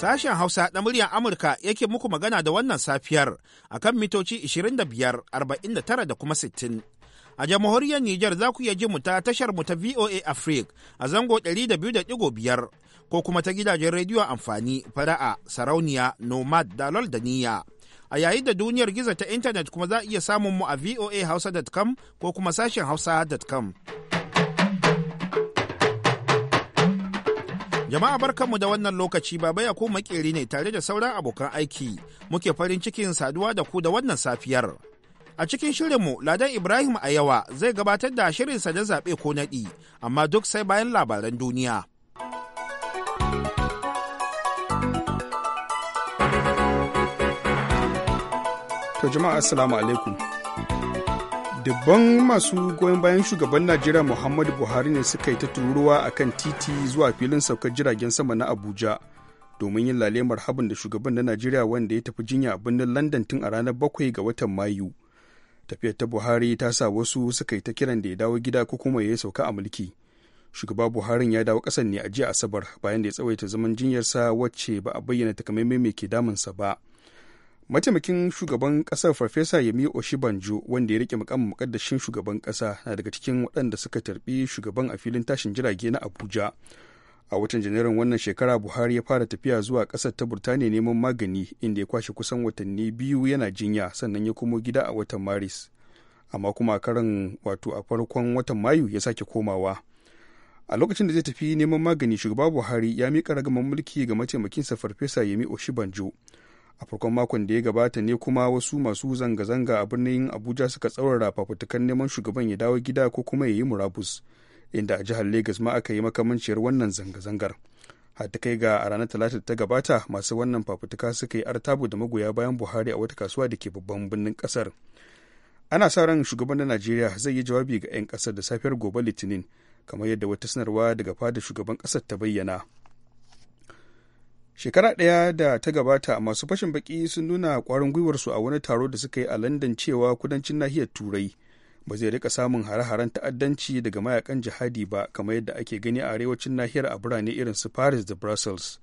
Sashen Hausa na muryar Amurka yake muku magana da wannan safiyar a kan mitoci 2549 da kuma 60. A jamhuriyar Nijar za ku iya ji mu ta tashar mu ta VOA Africa a zango 200.5 ko kuma ta gidajen rediyo amfani fara'a sarauniya nomad dalol da niyya. A yayin da duniyar gizo ta intanet kuma za iya samun mu a voahausa.com ko kuma sashen hausa.com. Jama'a barkanmu da wannan lokaci baba ya ko makeri ne tare da sauran abokan aiki muke farin cikin saduwa da ku da wannan safiyar. A cikin shirin mu Ladan Ibrahim a yawa zai gabatar da shirinsa na zaɓe ko naɗi amma duk sai bayan labaran duniya. To jama'a assalamu alaikum. dubban masu goyon bayan shugaban najeriya muhammadu buhari ne suka yi ta tururuwa a kan titi zuwa filin saukar jiragen sama na abuja domin yin lalemar habin da shugaban na najeriya wanda ya tafi jinya a birnin london tun a ranar bakwai ga watan mayu tafiyar ta buhari ta sa wasu suka yi ta kiran da ya dawo gida ko kuma ya yi sauka a mulki shugaba buhari ya dawo kasan ne a jiya asabar bayan da ya tsawaita zaman jinyarsa wacce ba a bayyana takamaimai mai ke damunsa ba mataimakin shugaban kasar farfesa yemi oshibanjo wanda ya rike mukamman mukaddashin shugaban kasa na daga cikin waɗanda suka tarbi shugaban a filin tashin jirage na abuja a watan janairun wannan shekara buhari ya fara tafiya zuwa ƙasar ta burtaniya neman magani inda ya kwashe kusan watanni biyu yana jinya sannan ya komo gida a watan maris amma kuma karan wato a farkon watan mayu ya sake komawa a lokacin da zai tafi neman magani shugaba buhari ya mika ragaman mulki ga mataimakinsa farfesa yemi oshibanjo a farkon makon da ya gabata ne kuma wasu masu zanga-zanga a birnin abuja suka tsaurara fafutukan neman shugaban ya dawo gida ko kuma ya yi murabus inda a jihar legas ma aka yi makamanciyar wannan zanga-zangar hatta kai ga a ranar talata ta gabata masu wannan fafutuka suka yi artabu da magoya bayan buhari a wata kasuwa da ke babban birnin kasar ana sa ran shugaban na najeriya zai yi jawabi ga 'yan kasar da safiyar gobe litinin kamar yadda wata sanarwa daga fadar shugaban kasar ta bayyana shekara ɗaya da ta gabata masu fashin baki sun nuna ƙwarin gwiwarsu a wani taro da suka yi a london cewa kudancin nahiyar turai ba zai rika samun hare-haren ta'addanci daga mayakan jihadi ba kamar yadda ake gani a arewacin nahiyar a birane irin su paris da brussels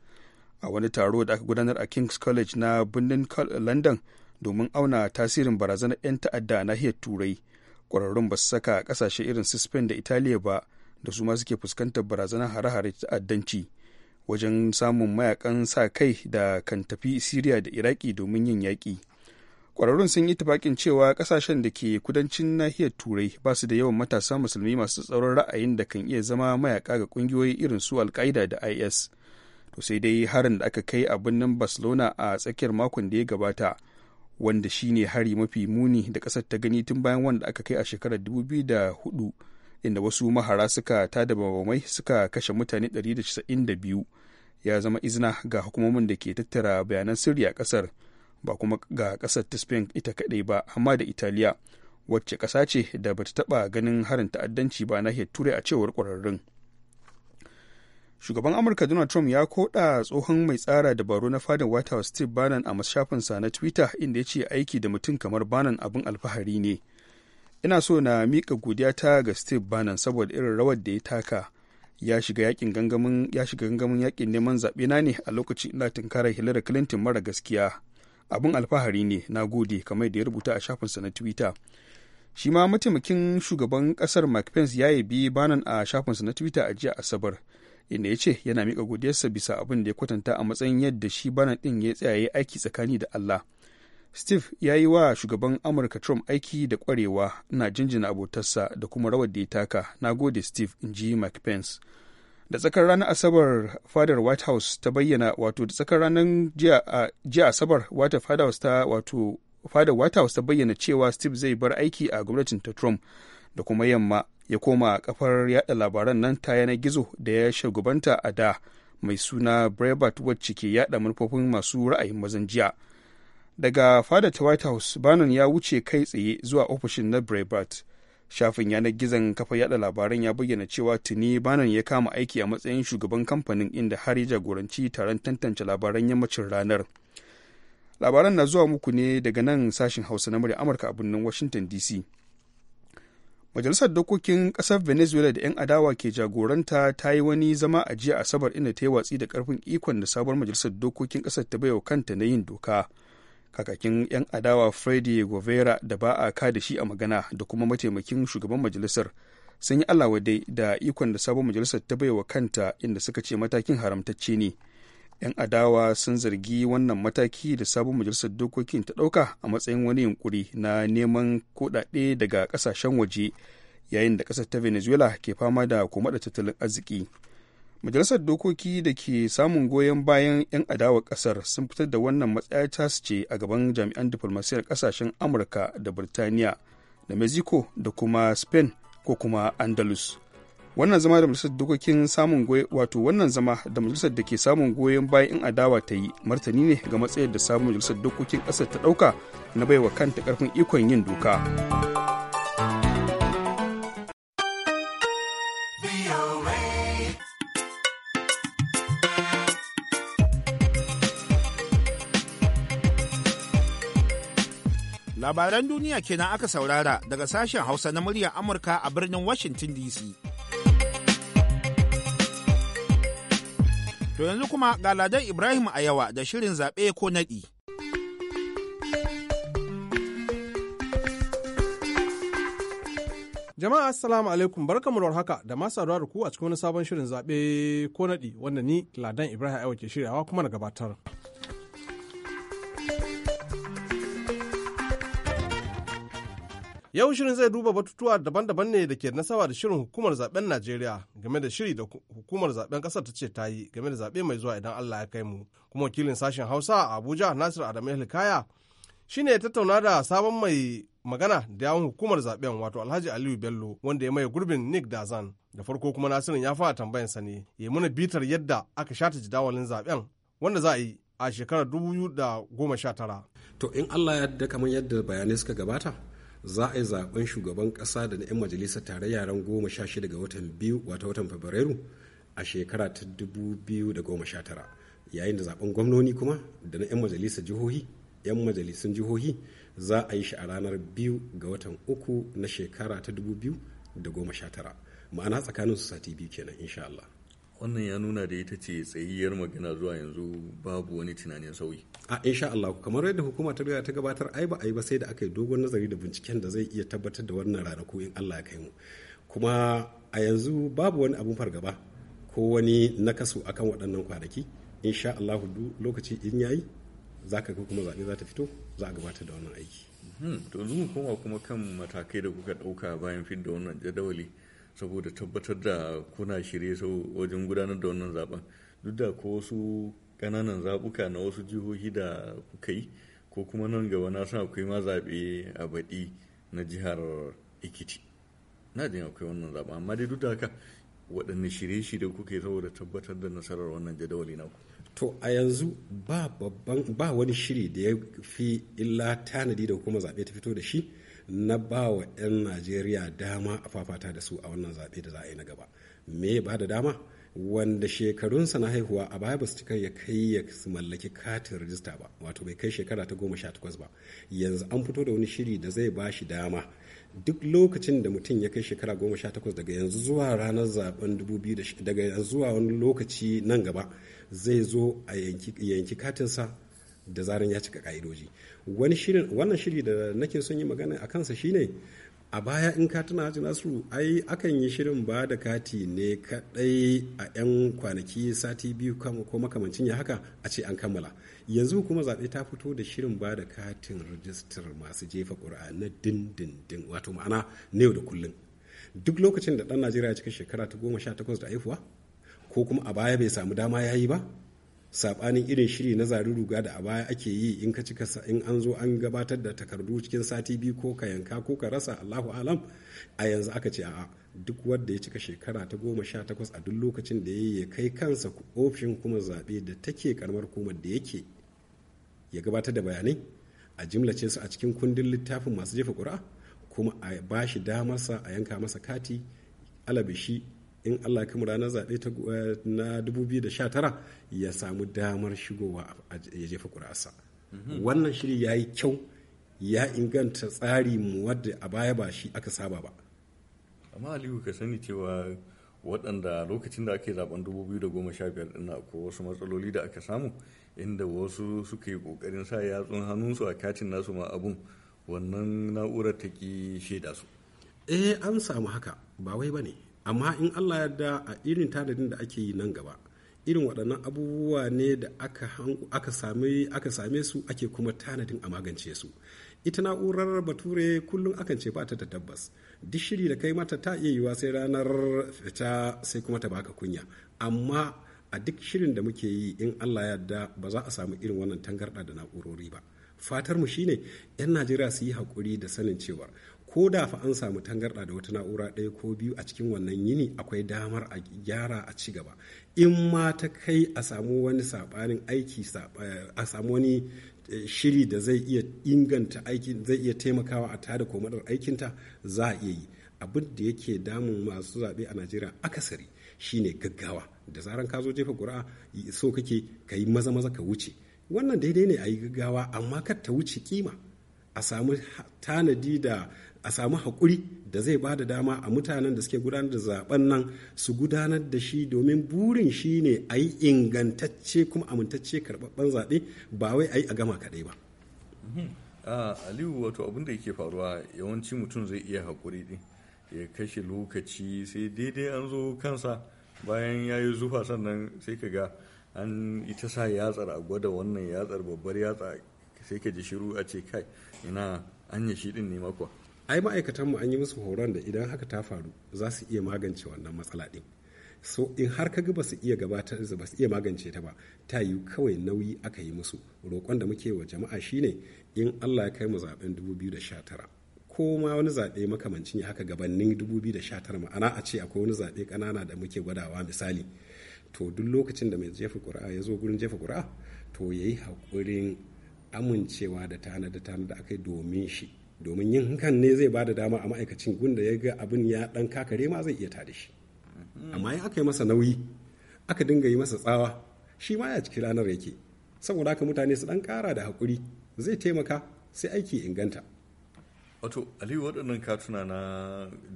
a wani taro da aka gudanar a king's college na birnin london domin auna tasirin barazanar 'yan ta'adda a nahiyar turai ƙwararrun ba su saka ƙasashe irin su spain da italiya ba da su ma suke fuskantar barazanar hare-hare ta'addanci wajen samun mayakan sa kai da kan tafi siriya da iraki domin yin yaƙi kwararrun sun yi tafakin cewa ƙasashen da ke kudancin nahiyar turai ba su da yawan matasa musulmi masu tsaron ra'ayin da kan iya zama mayaka ga ƙungiyoyi irin su alkaida da is to sai dai harin da aka kai a birnin barcelona a tsakiyar makon da ya gabata wanda shine hari mafi muni da ƙasar ta gani tun bayan wanda aka kai a shekarar 2004 inda wasu mahara suka tada bamamai suka kashe mutane 192 ya zama izina ga hukumomin da ke tattara bayanan sirri a kasar ba kuma ga kasar ta spain ita kadai ba amma da italiya wacce ƙasa ce da bata taɓa ganin harin ta'addanci ba na turai a cewar kwararrun shugaban amurka donald trump ya koɗa tsohon mai tsara dabaru na fadin white house steve bannon a shafinsa na twitter inda ya ce aiki da mutum kamar bannon abin alfahari ne ina so na mika godiya ta ga steve bannon saboda irin rawar da ya taka ya shiga yakin gangamin ya shiga gangamin yakin neman zaɓe na ne a lokacin ina tunkarar hillary clinton mara gaskiya abin alfahari ne na gode kamar da ya rubuta a shafinsa na twitter shi ma mataimakin shugaban kasar mike pence ya yi bi banan a shafinsa na twitter a jiya asabar inda ya ce yana mika godiyarsa bisa abin da ya kwatanta a matsayin yadda shi banan din ya tsaya aiki tsakani da allah steve ya yi wa shugaban amurka trump aiki da kwarewa na jinjina abotarsa da kuma rawar da ya taka na gode steve in ji mike pence da tsakar ranar asabar fadar white house ta bayyana wato da tsakar ranar jiya asabar wata fadar house ta wato fadar white house ta bayyana cewa steve zai bar aiki a gwamnatin ta trump da kuma yamma ya koma kafar yada labaran nan ta yanar gizo da ya shugabanta a da mai suna breitbart wacce ke yada manufofin masu ra'ayin mazan jiya daga fada ta white house bannon ya wuce kai tsaye zuwa ofishin na breitbart shafin yanar gizon kafa yada labaran ya bayyana cewa tuni bannon ya kama aiki a matsayin shugaban kamfanin inda har ya jagoranci taron tantance labaran yammacin ranar labaran na zuwa muku ne daga nan sashen hausa na murya amurka a birnin washington dc majalisar dokokin kasar venezuela da 'yan adawa ke jagoranta ta yi wani zama a jiya asabar inda ta yi watsi da karfin ikon da sabuwar majalisar dokokin kasar ta baiwa kanta na yin doka kakakin 'yan adawa freddy govera da ba a ka da shi a magana da kuma mataimakin shugaban majalisar sun yi alawadai da ikon da sabon majalisar ta baiwa kanta inda suka ce matakin haramtacce ne 'yan adawa sun zargi wannan mataki da sabon majalisar dokokin ta ɗauka a matsayin wani yunkuri na neman kuɗaɗe daga ƙasashen waje yayin da ƙasar ta venezuela ke fama da kuma da tattalin arziki majalisar dokoki da ke samun goyon bayan 'yan adawa kasar sun fitar da wannan matsaya ta ce a gaban jami'an diflomasiyar kasashen amurka da birtaniya da mexico da kuma spain ko kuma andalus wannan zama da majalisar dokokin samun wato wannan zama da majalisar da ke samun goyon bayan 'yan adawa ta yi martani ne ga matsayar da samun majalisar dokokin kasar ta dauka na baiwa kanta karfin ikon yin doka Labaran duniya kenan aka saurara daga sashen Hausa na muryar Amurka a birnin Washington DC. To yanzu kuma galadar Ibrahim ayawa da shirin zaɓe ko naɗi. Jama'a Assalamu alaikum barkamu da haka da masu da ku a cikin wani sabon shirin zaɓe ko naɗi wanda ni Ladan Ibrahim Aiwa ke shiryawa kuma na gabatar. Yau shirin zai duba batutuwa daban-daban ne da ke nasaba da shirin hukumar zaben Najeriya game da shiri da hukumar zaben kasar ta ce ta yi game da zaɓe mai zuwa idan Allah ya kai mu. Kuma wakilin sashen Hausa a Abuja Nasir Adamu Hilkaya shine ya tattauna da sabon mai magana da yawon hukumar zaben wato Alhaji Aliyu Bello wanda ya maye gurbin Nick Dazan. Da farko kuma Nasirin ya fara tambayan sa ne ya muna bitar yadda aka shata jidawalin zaben wanda za a yi a shekarar tara. To in Allah ya yadda kamar yadda bayanai suka gabata za a yi zaben shugaban ƙasa da na 'yan majalisar tare yaren goma sha shida ga watan biyu wata watan fabrairu a shekara ta dubu biyu da goma sha tara yayin da zaben gwamnoni kuma da na 'yan majalisar jihohi 'yan majalisun jihohi za a yi shi a ranar biyu ga watan uku na shekara ta dubu biyu da goma sha tara ma'ana tsakanin su sati biyu kenan insha Allah. wannan ya nuna da ita ce tsayiyar magana zuwa yanzu babu wani tunanin sauyi a insha Allah kamar yadda hukuma ta riga ta gabatar ai ba ai ba sai da aka yi dogon nazari da binciken da zai iya tabbatar da wannan ranaku in Allah ya kai mu kuma a yanzu babu wani abun fargaba ko wani nakasu akan waɗannan kwanaki insha Allah lokaci in yayi za ka kuma zaɓe za ta fito za a gabatar da wannan aiki hmm, to mu kuma kan matakai da kuka ɗauka bayan fidda wannan jadawali saboda tabbatar da kuna shirye sau wajen gudanar da wannan zaben duk da ko wasu ƙananan zaɓuka na wasu jihohi da kuka yi ko kuma nan gaba na san akwai ma zaɓe a baɗi na jihar ikiti na jin akwai wannan zaɓen amma dai duk da haka waɗanne shirye-shirye yi saboda tabbatar da nasarar wannan jadawali naku to a yanzu ba babban ba wani shiri da ya fi illa tanadi da hukumar zaɓe ta fito da shi na ba wa 'yan najeriya dama a fafata da su a wannan zaɓe da za a yi na gaba me ba da dama wanda shekarunsa na haihuwa a baya ba su cika ya kai ya su mallaki katin rajista ba wato bai kai shekara ta goma sha takwas ba yanzu an fito da wani shiri da zai ba shi dama duk lokacin da mutum ya kai shekara goma sha takwas daga yanzu zuwa ranar zaben dubu biyu daga yanzu zuwa wani lokaci nan gaba zai zo a yanki katinsa da zaran ya cika ka'idoji wannan shiri da nake son yi magana a kansa shine a baya in ka tuna nasu nasiru ai akan yi shirin ba da kati ne kadai a 'yan kwanaki sati biyu ko makamancin ya haka a ce an kammala yanzu kuma zaɓe ta fito da shirin ba da katin rajistar masu jefa ƙura na dindindin wato ma'ana na yau da kullum duk lokacin da ɗan najeriya cikin shekara ta goma sha takwas da haihuwa ko kuma a baya bai samu dama ya yi ba saɓanin irin shiri na zari ruga da a baya ake yi in ka cika in an zo an gabatar da takardu cikin sati biyu ko ka yanka ko ka rasa allahu alam a yanzu aka ce a duk wanda ya cika shekara ta goma sha takwas a duk lokacin da ya kai kansa ofishin kuma zaɓe da take karamar hukumar da yake ya gabatar da bayanai a jimlace su a cikin kundin littafin masu jefa ƙuri'a kuma a bashi damarsa a yanka masa kati alabishi in Allah ya ranar zaɓe eh, na 2019 ya samu damar shigowa ya jefa ƙuri'arsa mhm. wannan shiri ya yi kyau ya inganta tsari mu wadda a baya ba shi aka saba ba amma aliyu ka sani cewa waɗanda lokacin da ake zaben 2015 ɗin akwai wasu matsaloli da aka samu inda wasu suka yi ƙoƙarin sa yatsun hannunsu a katin nasu ma abun wannan na'urar ta ƙi shaida su eh an samu haka ba wai ba ne amma in allah yarda a irin tanadin da ake yi nan gaba irin waɗannan abubuwa ne da aka same aka same su ake kuma tanadin a magance su ita na'urar bature kullum akan ce ba ta tabbas duk shiri da kai mata ta iya yiwa sai ranar fita sai kuma ta baka kunya amma a duk shirin da muke yi in allah yarda ba za a samu irin wannan tangarɗa da na'urori ba fatar mu shine 'yan najeriya su yi haƙuri da sanin cewa ko da fa an samu tangarɗa da wata na'ura ɗaya ko biyu a cikin wannan yini akwai damar a gyara a ci gaba in ma ta kai a samu wani saɓanin aiki a samu wani eh, shiri da zai iya inganta aiki zai iya taimakawa a tada komadar aikinta za a iya yi abin da yake damun masu zaɓe a najeriya akasari shine gaggawa da zaran ka zo jefa ƙuri'a so kake ka yi maza maza ka wuce wannan daidai ne a yi gaggawa amma kar ta wuce kima a samu tanadi da a samu haƙuri da zai ba da dama a mutanen da suke gudanar da zaben nan su gudanar da shi domin burin shi ne a yi ingantacce kuma amintacce karɓaɓɓen zaɓe ba wai a yi a gama kaɗai ba. Ah, aliyu wato abin da yake faruwa yawanci mutum zai iya haƙuri din ya kashe lokaci sai daidai an zo kansa bayan ya yi zufa sannan sai ka ga an ita sa yatsar a gwada wannan yatsar babbar yatsa sai ka ji shiru a ce kai ina an yi shi ɗin ne makwa ai ma'aikatanmu an yi musu horon da idan haka ta faru za su iya magance wannan matsala ɗin so in har ka ga ba su iya gabatar ba su iya magance ta ba ta yi kawai nauyi aka yi musu roƙon da muke wa jama'a shine in Allah ya kai mu zaben 2019 ko ma wani zaɓe makamancin ya haka gabanin 2019 ma'ana a ce akwai wani zaɓe ƙanana da muke gwadawa misali to duk lokacin da mai jefa ƙuri'a ya zo gurin jefa ƙuri'a to ya yi haƙurin amincewa da tanada tanada akai domin shi domin yin hakan ne zai ba da dama a ma'aikacin gunda ya ga abin ya dan kakare ma zai iya tada shi amma in aka yi masa nauyi aka dinga yi masa tsawa shi ma ya ciki ranar yake saboda haka mutane su dan kara da hakuri zai taimaka sai aiki inganta wato aliyu waɗannan katuna na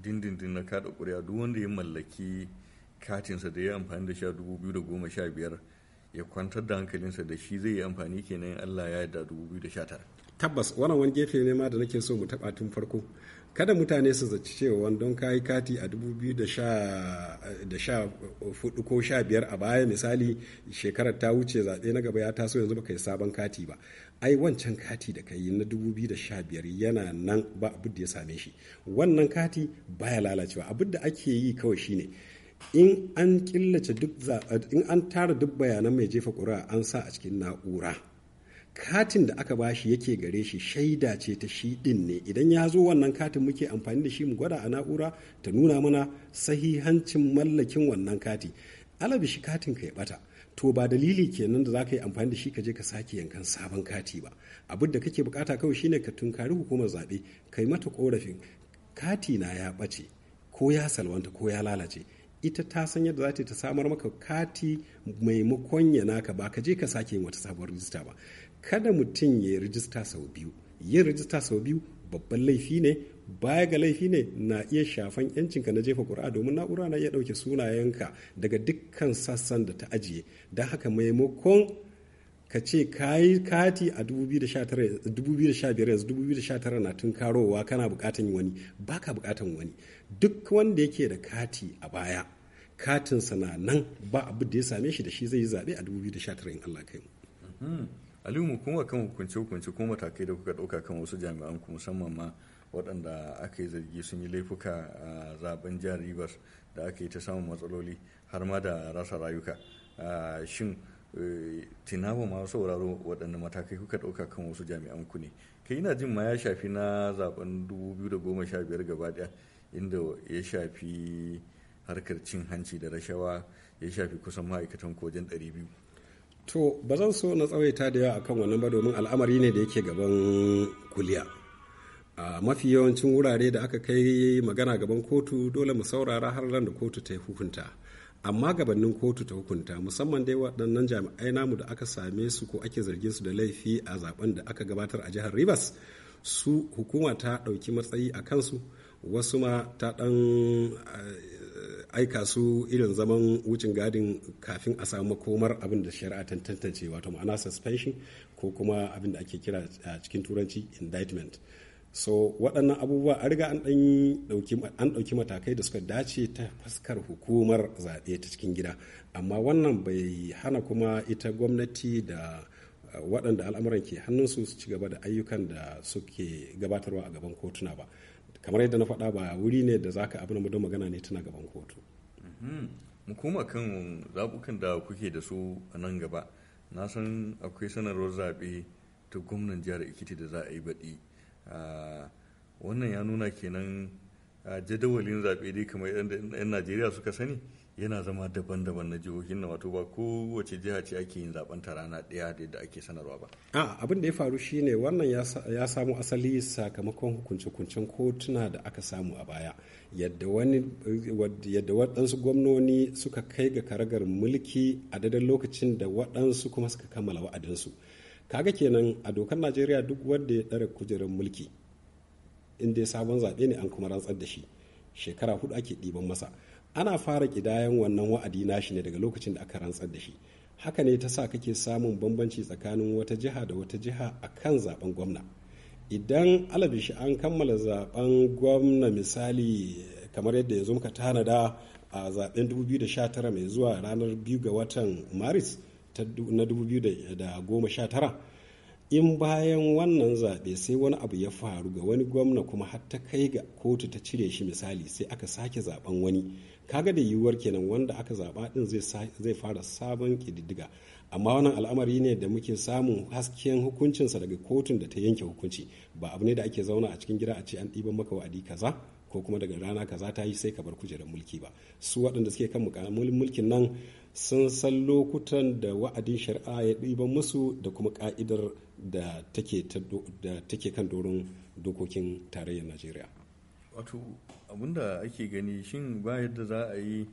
dindindin na kaɗa ƙuri'a duk wanda ya mallaki katinsa da ya amfani da shi a 2015 ya kwantar da hankalinsa da shi zai yi amfani kenan allah ya yarda 2019 tabbas wannan wani gefe ne ma da nake so mu taba tun farko kada mutane su zaci cewa don kayi kati a 2014 ko 15 a baya misali shekarar ta wuce zaɓe na gaba ya taso yanzu baka yi sabon kati ba ai wancan kati da ka yi na 2015 yana nan ba abin da ya same shi wannan kati baya lalacewa abin da ake yi kawai shine in an killace duk in an tara duk bayanan mai jefa ƙuri'a an sa a cikin na'ura katin da aka bashi yake gare shi shaida ce ta shi din ne idan ya zo wannan katin muke amfani da shi mu gwada a na'ura ta nuna mana sahihancin mallakin wannan kati alabi shi katin ka ya bata to ba dalili kenan da za ka yi amfani da shi ka je ka sake yankan sabon kati ba abin da kake bukata kawai shine ka tunkari hukumar zaɓe kai mata korafin kati na ya bace ko ya salwanta ko ya lalace ita ta san yadda za ta samar maka kati maimakon ya naka ba ka je ka sake yin wata sabuwar rijista ba kada mutum ya yi rijista sau biyu yin rijista sau biyu babban laifi ne baya ga laifi ne na iya shafan yancinka na jefa kura domin na'ura na iya ɗauke sunayenka daga dukkan sassan da ta ajiye don haka maimakon ka ce ka yi kati a 2015 yanzu 2019 na tun karowa kana bukatan wani baka bukatan wani duk wanda yake da kati a baya katinsa na nan ba abu da ya same shi da shi zai yi zaɓe a 2019 in Allah kai mhm. alimu kuma kan hukunce-hukunce ko matakai da kuka ɗauka kan wasu jami'an ku musamman ma waɗanda aka yi zargi sun yi laifuka a zaben jihar rivers da aka yi ta samun matsaloli har ma da rasa rayuka shin eh, tinawa ma sauraro waɗanda matakai kuka ɗauka kan wasu jami'an ku ne kai ina jin ma ya shafi na zaben biyar gaba ɗaya inda ya shafi harkar cin hanci da rashawa ya shafi kusan ma'aikatan kojin biyu. to ba zan so na tsawaita da yawa akan wannan ba domin al'amari ne da yake gaban kuliya a mafi yawancin wurare da aka kai magana gaban kotu dole mu saurara har ran da kotu ta hukunta amma gabanin kotu ta hukunta musamman dai waɗannan jami'ai namu da aka same su ko ake zargin su da laifi a zaben da aka gabatar a jihar rivers su hukuma ta ɗauki matsayi a kansu wasu ma ta ɗan eh, aika su irin zaman wucin gadin kafin a samu komar abin da shari'a ta tantance wato ma'ana suspension ko kuma abin da ake kira a cikin turanci indictment so waɗannan abubuwa an riga an ɗauki matakai da suka dace ta fuskar hukumar zaɓe ta cikin gida amma wannan bai hana kuma ita gwamnati da waɗanda al'amuran ke hannunsu su ci gaba da ayyukan da suke gabatarwa a gaban kotuna ba kamar yadda na faɗa ba wuri ne da zaka abin da magana ne tana gaban kotu mhm. mu koma kan zabukan da kuke da su a nan gaba na san akwai sanarwar zaɓe ta gwamnan jihar ikiti da za a yi baɗi ah, wannan ya nuna kenan ah, jadawalin zaɓe dai kamar 'yan najeriya suka sani yana zama daban-daban na jihohin na wato ba kowace jiha ce ake yin zaben ta rana ɗaya da yadda ake sanarwa ba. A ah, abin da ya faru shine wannan ya samu asali sakamakon hukunce-hukuncen kotuna da aka samu a baya yadda wani waɗansu gwamnoni suka kai ga karagar mulki a daidai lokacin da waɗansu kuma suka kammala wa'adinsu. Kaga kenan a dokar Najeriya duk wanda ya ɗara kujerar mulki in dai sabon zaɓe ne an kuma rantsar da shi shekara hudu ake ɗiban masa. ana fara kidayan wannan wa'adi nashi ne daga lokacin da aka rantsar da shi haka ne ta sa kake samun bambanci tsakanin wata jiha da wata jiha a kan zaben gwamna idan shi an kammala zaben gwamna misali kamar yadda ya muka tanada a zaben 2019 mai zuwa ranar 2 ga watan maris na 2019 in bayan wannan zaɓe sai wani abu ya faru ga wani gwamna kuma har ta kai ga kotu ta cire shi misali sai aka sake zaben wani kaga da yiwuwar kenan wanda aka zaba din zai fara sabon kididdiga amma wannan al'amari ne da muke samun hasken hukuncinsa daga kotun da ta yanke hukunci ba abu ne da ake zauna a cikin gida a ce an ɗiban maka wa'adi kaza ko kuma daga rana kaza ta yi sai ka bar kujerar mulki ba su waɗanda suke kan mukamulin mulkin nan sun san lokutan da wa'adin shari'a ya ɗiban musu da kuma ka'idar da take kan doron dokokin tarayyar najeriya wato abinda ake gani shin ba yadda za a yi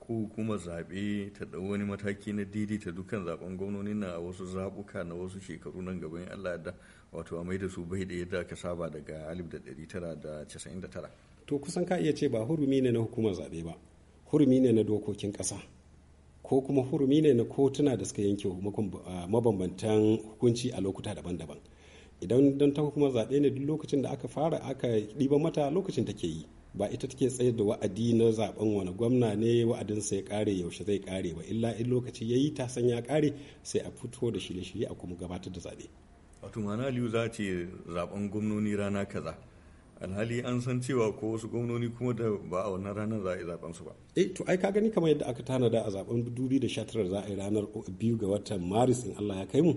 ko kuma zaɓe ta ɗau wani mataki na ta dukkan zaben gwamnoni na wasu zaɓuka na wasu shekaru nan gaba gaban Allah da wato a maida su bai da yadda aka saba daga 1999 to kusan ka iya ce ba hurumi ne na hukumar zaɓe ba hurumi ne na dokokin ƙasa ko kuma hurumi ne na kotuna da suka yanke mabambantan hukunci a lokuta daban-daban idan don ta kuma zaɓe ne duk lokacin da aka fara aka ɗiba mata lokacin take yi ba ita take tsayar da wa'adi na zaben wani gwamna ne wa'adinsa ya kare yaushe zai kare ba illa in lokaci ya yi ta san ya kare sai a fito da shirye-shirye a kuma gabatar da zaɓe. wato mana aliyu za ce zaben gwamnoni rana kaza alhali an san cewa ko wasu gwamnoni kuma da ba a wannan ranar za a yi zaben su ba. eh to ai ka gani kamar yadda aka tanada a zaben 2019 za a yi ranar biyu ga watan maris in allah ya kai mu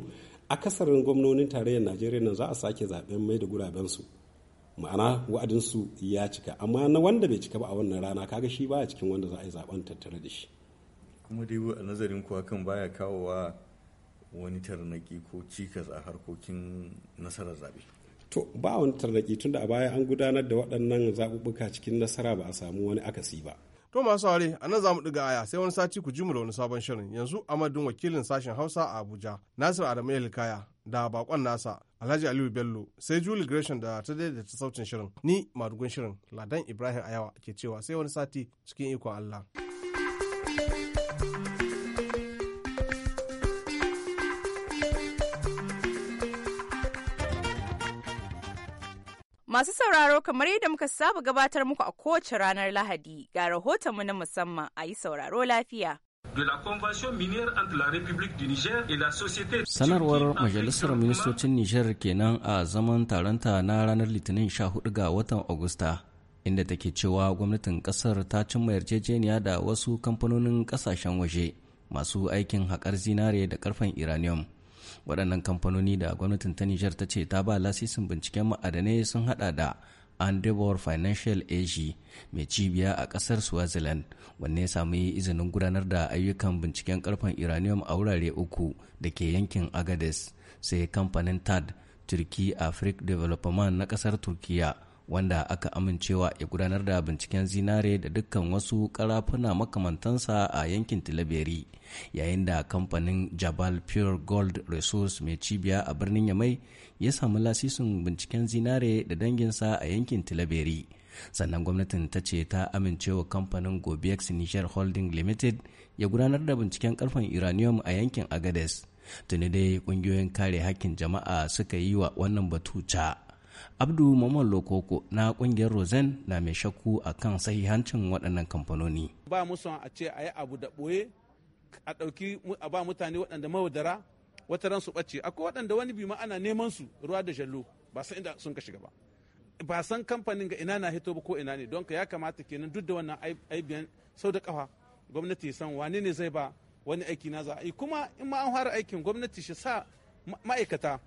akasarin gwamnonin tarayyar najeriya nan za a sake zaɓen mai da guraben su ma'ana wa'adinsu ya cika amma na wanda bai cika ba a wannan rana kaga shi baya cikin wanda za a yi zaben tattare da shi kuma dai a nazarin kuwa kan baya kawowa wani tarnaki ko cikas a harkokin nasarar zaɓe to ba wani tarnaki tunda a baya an gudanar da waɗannan zaɓuɓɓuka cikin nasara ba a samu wani akasi ba To masu aure a nan za mu ɗiga aya sai wani sati ku ji mu da wani sabon shirin yanzu a wakilin sashen Hausa a Abuja Nasir Adamu Elkaya da bakon nasa Alhaji Aliyu Bello sai Julie Gresham da ta daidaita sautin shirin ni madugun shirin Ladan Ibrahim Ayawa ke cewa sai wani sati cikin ikon Allah. Masu sauraro kamar yadda muka saba gabatar muku a kowace ranar Lahadi ga mu na musamman a yi sauraro lafiya. Sanarwar Majalisar Ministocin Niger kenan a zaman taronta na ranar Litinin 14 ga watan Agusta, inda take cewa gwamnatin kasar ta cimma yarjejeniya da wasu kamfanonin kasashen waje masu aikin haƙar zinare da ƙarfen uranium waɗannan kamfanoni da gwamnatin ta nijar ta ce ta ba lasisin binciken ma'adanai sun hada da andebor Financial Asia mai cibiya a ƙasar Swaziland wanne ya sami izinin gudanar da ayyukan binciken ƙarfen uranium a wurare uku da ke yankin Agades sai kamfanin TAD Turkey Africa Development na ƙasar Turkiya wanda aka amincewa ya gudanar da binciken zinare da dukkan wasu karafuna makamantansa a yankin tilaberi yayin da kamfanin jabal pure gold resource mai cibiya a birnin yamai ya samu lasisin binciken zinare da danginsa a yankin tilaberi sannan gwamnatin ta ce ta amincewa kamfanin gobex niger holding limited ya gudanar da binciken karfen uranium a yankin agades tuni dai kungiyoyin kare hakkin jama'a suka yi wa wannan batu ca abdu mamman lokoko na kungiyar rosen na mai shakku a kan sahihancin waɗannan kamfanoni ba mu son a ce a yi abu da ɓoye a ɗauki a ba mutane waɗanda mawadara wata ran ɓace akwai waɗanda wani bima ana neman su ruwa da jallo ba san inda sun ka shiga ba ba san kamfanin ga ina na hito ba ko ina ne don ka ya kamata kenan duk da wannan aibiyan sau da kafa gwamnati san wane ne zai ba wani aiki na za a yi kuma in ma an fara aikin gwamnati shi sa ma'aikata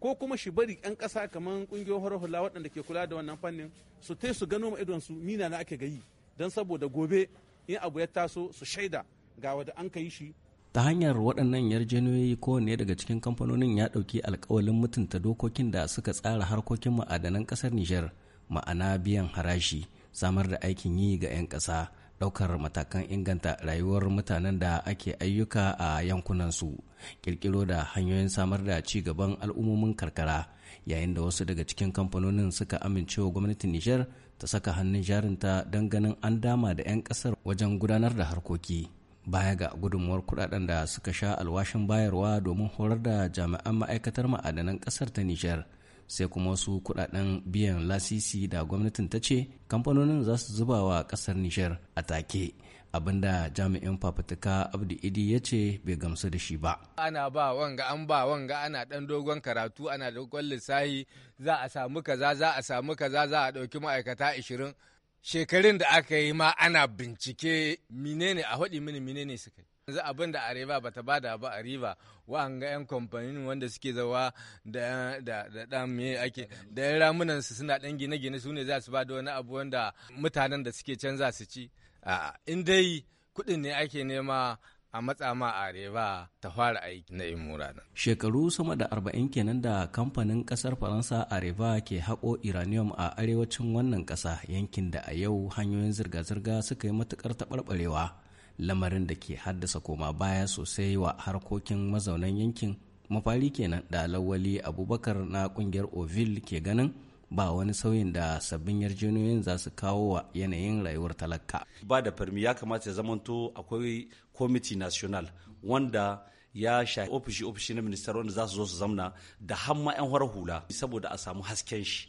ko kuma shi bari 'yan ƙasa kamar ƙungiyoyin horar hula waɗanda ke kula da wannan fannin su tai su gano ma idon su mina na ake gayi don saboda gobe in abu ya taso su shaida ga wanda an ka yi shi ta hanyar waɗannan yarjejeniyoyi kowanne daga cikin kamfanonin ya ɗauki alkawalin mutunta dokokin da suka tsara harkokin ma'adanan ƙasar Nijar ma'ana biyan harashi samar da aikin yi ga 'yan ƙasa ɗaukar matakan inganta rayuwar mutanen da ake ayyuka a yankunansu kirkiro da hanyoyin samar da ci gaban al'ummomin karkara yayin da wasu daga cikin kamfanonin suka amincewa gwamnatin nijar ta saka hannun jarinta don ganin an dama da 'yan ƙasar wajen gudanar da harkoki baya ga gudunmuwar kudaden da suka sha alwashin bayarwa domin horar da jami'an ma'aikatar ma'adanan ƙasar ta nijar sai kuma wasu kudaden biyan lasisi da gwamnatin ta ce kamfanonin za su zuba wa kasar nishar a take abinda jami'in fafutuka abdu idi ya ce bai gamsu da shi ba ana ba wanga an ba wanga ana dan dogon karatu ana dogon lissahi za a samu kaza za a samu kaza za a ɗauki ma'aikata ashirin shekarun da aka yi ma ana bincike menene a haɗi mini menene suka yi yanzu abin da areba bata bada ba a riba ga yan kamfanin wanda suke zawa da da da me ake da yan ramunan su suna dan gine gine su ne za su bada wani abu wanda mutanen da suke can za su ci a in dai kuɗin ne ake nema a matsa ma areba ta fara aiki na imura murana Shekaru sama da arba'in kenan da kamfanin kasar Faransa areba ke haƙo iranium a arewacin wannan ƙasa yankin da a yau hanyoyin zirga-zirga suka yi matuƙar taɓarɓarewa. lamarin da ke haddasa koma baya sosai wa harkokin mazaunan yankin mafari kenan da lawali abubakar na kungiyar ovil ke ganin ba wani sauyin da sabbin yarjejeniyoyin za su kawo wa yanayin rayuwar talaka ba da farmi ya kamata ya zamanto akwai kwamiti national wanda ya shafi ofishi ofishi na ministar wanda za su zo su zamna da hamma 'yan har hula saboda a samu hasken shi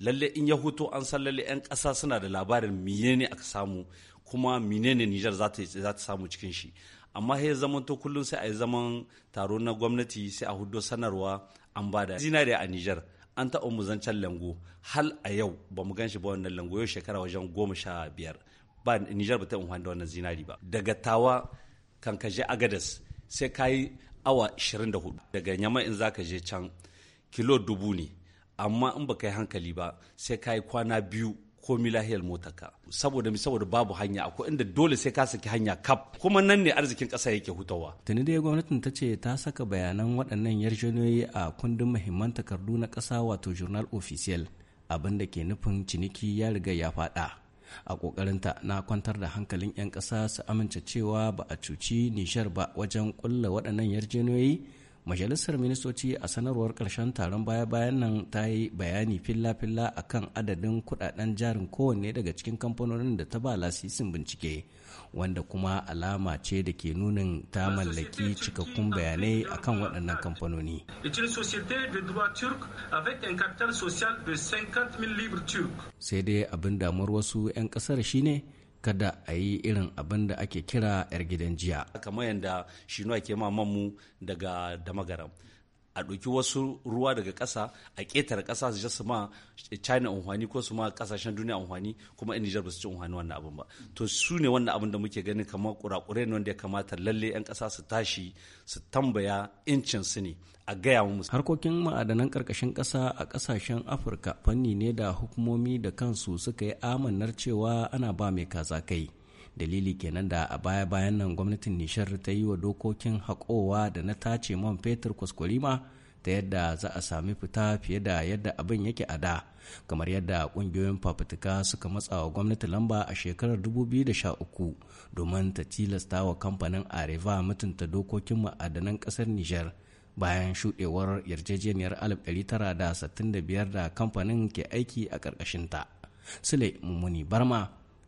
lalle in ya hutu an san lalle 'yan ƙasa suna da labarin menene aka samu kuma menene Nijar za ta samu cikin shi amma sai zaman to kullum sai a yi zaman taro na gwamnati sai a hudo sanarwa an bada zinare a Nijar an taɓa mu zancen lango hal a yau ba mu gan shi ba wannan lango yau shekara wajen goma sha biyar ba Nijar ba ta unhuwan da wannan zinari ba daga tawa kan ka je Agadas sai ka yi awa 24 daga nyama in za ka je can kilo dubu ne amma in ba ka yi hankali ba sai ka yi kwana biyu komi lahiyar motarka saboda mi saboda babu hanya akwai inda dole sai ka saki hanya kap kuma nan ne arzikin ƙasa yake hutawa tuni dai gwamnatin ta ce ta saka bayanan waɗannan yarjejeniyoyi a kundin muhimman takardu na ƙasa wato journal official abin da ke nufin ciniki ya riga ya faɗa a ƙoƙarinta na kwantar da hankalin 'yan ƙasa su amince cewa ba a cuci nishar ba wajen ƙulla waɗannan yarjejeniyoyi majalisar ministoci a sanarwar ƙarshen taron baya-bayan nan ta yi bayani filla-filla a kan adadin kudaden jarin kowanne daga cikin kamfanonin da ta ba lasisin bincike wanda kuma alama ce da ke nunin ta mallaki cikakkun bayanai a kan waɗannan kamfanoni sai dai abin damar wasu 'yan ƙasar shine kada a yi irin abin da ake kira 'yar gidan jiya kamar yadda shi ke mamamu daga damagaram a ɗauki wasu ruwa daga ƙasa a ƙetare ƙasa su su ma china unhwani ko su ma ƙasashen duniya unhwani kuma in nijar ba su ci unhwani wannan abin ba to su ne wannan abin da muke ganin kamar kurakure ne wanda ya kamata lalle yan ƙasa su tashi su tambaya incin su ne a gaya mu harkokin ma'adanan ƙarƙashin ƙasa a ƙasashen afirka fanni ne da hukumomi da kansu suka yi amannar cewa ana ba mai kaza kai dalili kenan da a baya-bayan nan gwamnatin nishar ta yi wa dokokin haƙowa da na tace man fetur kwaskwarima ta yadda za a sami fita fiye da yadda abin yake a da kamar yadda ƙungiyoyin fafutuka suka matsa wa gwamnati lamba a shekarar 2013 domin ta tilasta wa kamfanin areva mutunta dokokin ma'adanan ƙasar nijar bayan shuɗewar yarjejeniyar 1965 da kamfanin ke aiki a ƙarƙashinta sule mummuni barma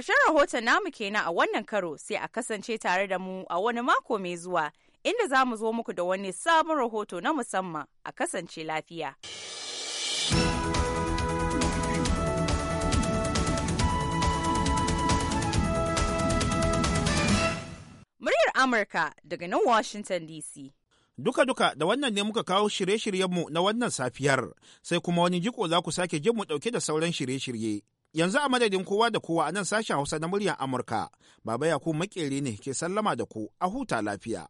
Ƙarshen rahoton namu kenan a wannan karo sai a kasance tare da mu a wani mako mai zuwa inda za mu zo muku da wani sabon rahoto na musamman a kasance lafiya. Muryar Amurka daga nan Washington DC. Duka-duka da wannan ne muka kawo shirye-shiryenmu na wannan safiyar, sai kuma wani jiko za ku sake jin mu ɗauke da sauran shirye-shirye. Yanzu a madadin kowa da kowa a nan sashen Hausa na muryar Amurka, Baba Yakubu makere ne ke sallama da ku a huta lafiya.